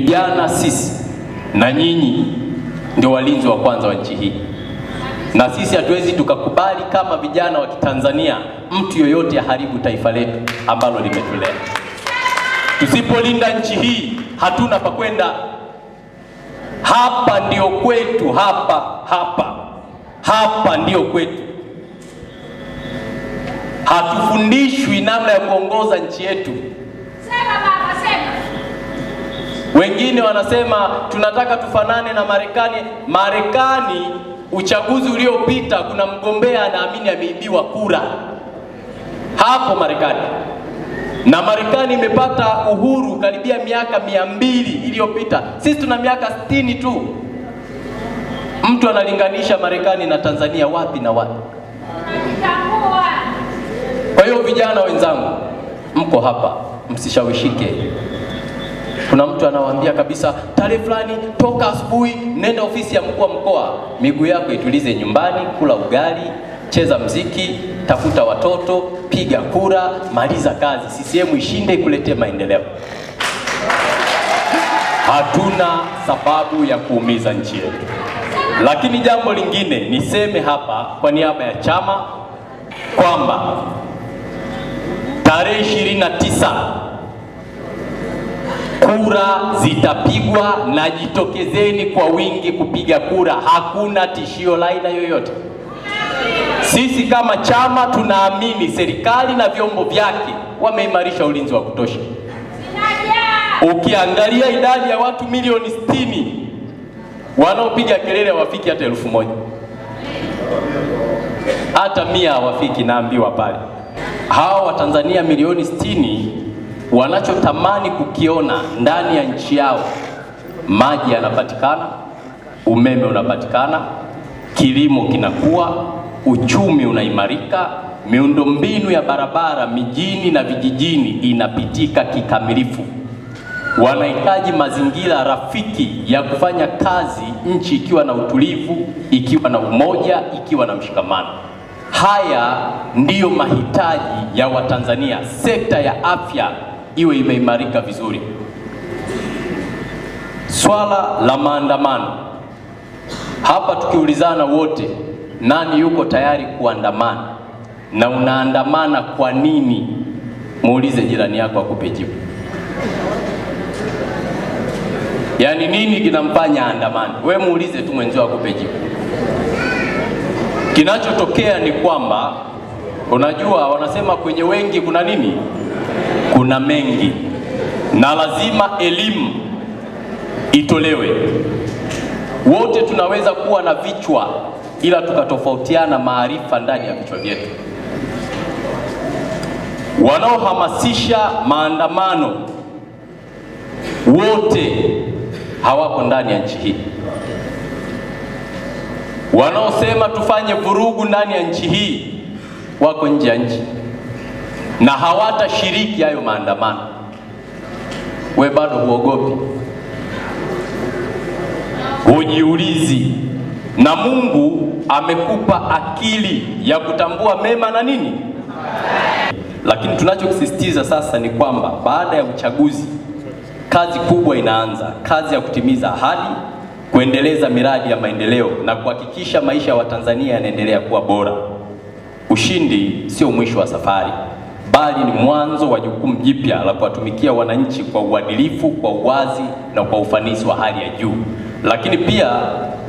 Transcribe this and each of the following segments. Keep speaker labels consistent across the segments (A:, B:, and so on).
A: Vijana sisi na nyinyi ndio walinzi wa kwanza wa nchi hii, na sisi hatuwezi tukakubali kama vijana wa Kitanzania mtu yoyote aharibu taifa letu ambalo limetulea. Tusipolinda nchi hii hatuna pa kwenda. Hapa ndio kwetu, hapa hapa hapa ndio kwetu. Hatufundishwi namna ya kuongoza nchi yetu.
B: Sema baba, sema.
A: Wengine wanasema tunataka tufanane na Marekani. Marekani uchaguzi uliopita, kuna mgombea anaamini ameibiwa kura hapo Marekani, na Marekani imepata uhuru karibia miaka mia mbili iliyopita. Sisi tuna miaka sitini tu. Mtu analinganisha Marekani na Tanzania wapi na wapi? Kwa hiyo vijana wenzangu, mko hapa, msishawishike. Kuna mtu anawaambia kabisa, tarehe fulani toka asubuhi, nenda ofisi ya mkuu wa mkoa, miguu yako itulize nyumbani, kula ugali, cheza mziki, tafuta watoto, piga kura, maliza kazi, CCM ishinde, ikuletee maendeleo. Hatuna sababu ya kuumiza nchi yetu. Lakini jambo lingine niseme hapa kwa niaba ya chama kwamba tarehe kura zitapigwa na jitokezeni kwa wingi kupiga kura. Hakuna tishio la aina yoyote. Sisi kama chama tunaamini serikali na vyombo vyake wameimarisha ulinzi wa kutosha. Ukiangalia idadi ya watu milioni sitini wanaopiga kelele hawafiki hata elfu moja hata mia hawafiki, naambiwa pale. Hawa Watanzania milioni sitini wanachotamani kukiona ndani ya nchi yao, maji yanapatikana, umeme unapatikana, kilimo kinakuwa, uchumi unaimarika, miundombinu ya barabara mijini na vijijini inapitika kikamilifu. Wanahitaji mazingira rafiki ya kufanya kazi, nchi ikiwa na utulivu, ikiwa na umoja, ikiwa na mshikamano. Haya ndiyo mahitaji ya Watanzania. Sekta ya afya iwe imeimarika vizuri. Swala la maandamano hapa, tukiulizana wote, nani yuko tayari kuandamana na unaandamana kwa nini? Muulize jirani yako akupe jibu, yaani nini kinamfanya andamani We muulize tu mwenzio akupe jibu. Kinachotokea ni kwamba unajua, wanasema kwenye wengi kuna nini kuna mengi na lazima elimu itolewe. Wote tunaweza kuwa na vichwa, ila tukatofautiana maarifa ndani ya vichwa vyetu. Wanaohamasisha maandamano wote hawako ndani ya nchi hii. Wanaosema tufanye vurugu ndani ya nchi hii wako nje ya nchi na hawatashiriki hayo maandamano, we bado huogopi, hujiulizi, na Mungu amekupa akili ya kutambua mema na nini. Lakini tunachokisisitiza sasa ni kwamba baada ya uchaguzi, kazi kubwa inaanza, kazi ya kutimiza ahadi, kuendeleza miradi ya maendeleo na kuhakikisha maisha ya Watanzania yanaendelea kuwa bora. Ushindi sio mwisho wa safari bali ni mwanzo wa jukumu jipya la kuwatumikia wananchi kwa uadilifu, kwa uwazi na kwa ufanisi wa hali ya juu. Lakini pia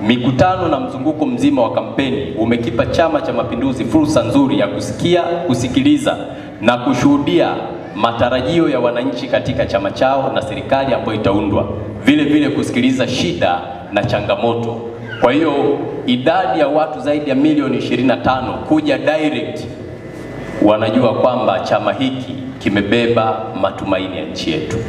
A: mikutano na mzunguko mzima wa kampeni umekipa Chama cha Mapinduzi fursa nzuri ya kusikia, kusikiliza na kushuhudia matarajio ya wananchi katika chama chao na serikali ambayo itaundwa, vile vile kusikiliza shida na changamoto. Kwa hiyo idadi ya watu zaidi ya milioni 25 kuja direct wanajua kwamba chama hiki kimebeba matumaini ya nchi yetu.